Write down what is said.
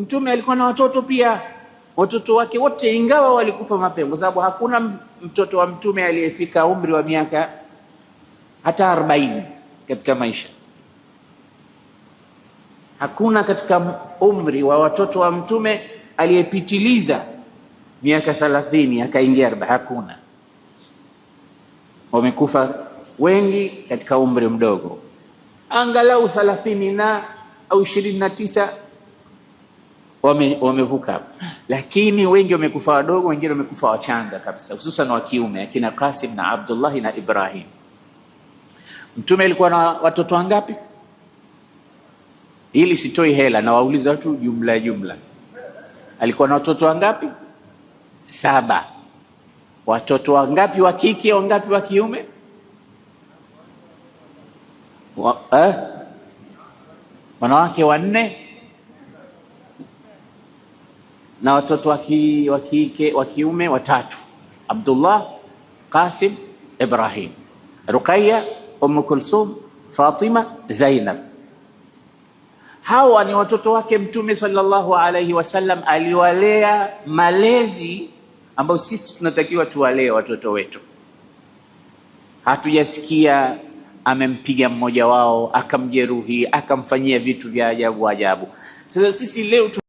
Mtume alikuwa na watoto pia, watoto wake wote ingawa walikufa mapema, kwa sababu hakuna mtoto wa mtume aliyefika umri wa miaka hata 40 katika maisha. Hakuna katika umri wa watoto wa mtume aliyepitiliza miaka 30 akaingia 40, hakuna. Wamekufa wengi katika umri mdogo, angalau 30 na au 29 wame, wamevuka, lakini wengi wamekufa wadogo, wengine wamekufa wachanga kabisa, hususan wa kiume akina Qasim na Abdullahi na Ibrahim. Mtume alikuwa na watoto wangapi? Ili sitoi hela na wauliza watu jumla jumla, alikuwa na watoto wangapi? Saba. Watoto wangapi wa kike, wangapi wa kiume? Wa, eh? wanawake wanne na watoto wa kiume watatu Abdullah, Qasim, Ibrahim, Ruqayya, Umm Kulthum, Fatima, Zainab. Hawa ni watoto wake Mtume sallallahu alayhi wasallam aliwalea malezi ambayo sisi tunatakiwa tuwalee watoto wetu. Hatujasikia amempiga mmoja wao akamjeruhi akamfanyia vitu vya ajabu ajabu. Sasa sisi leo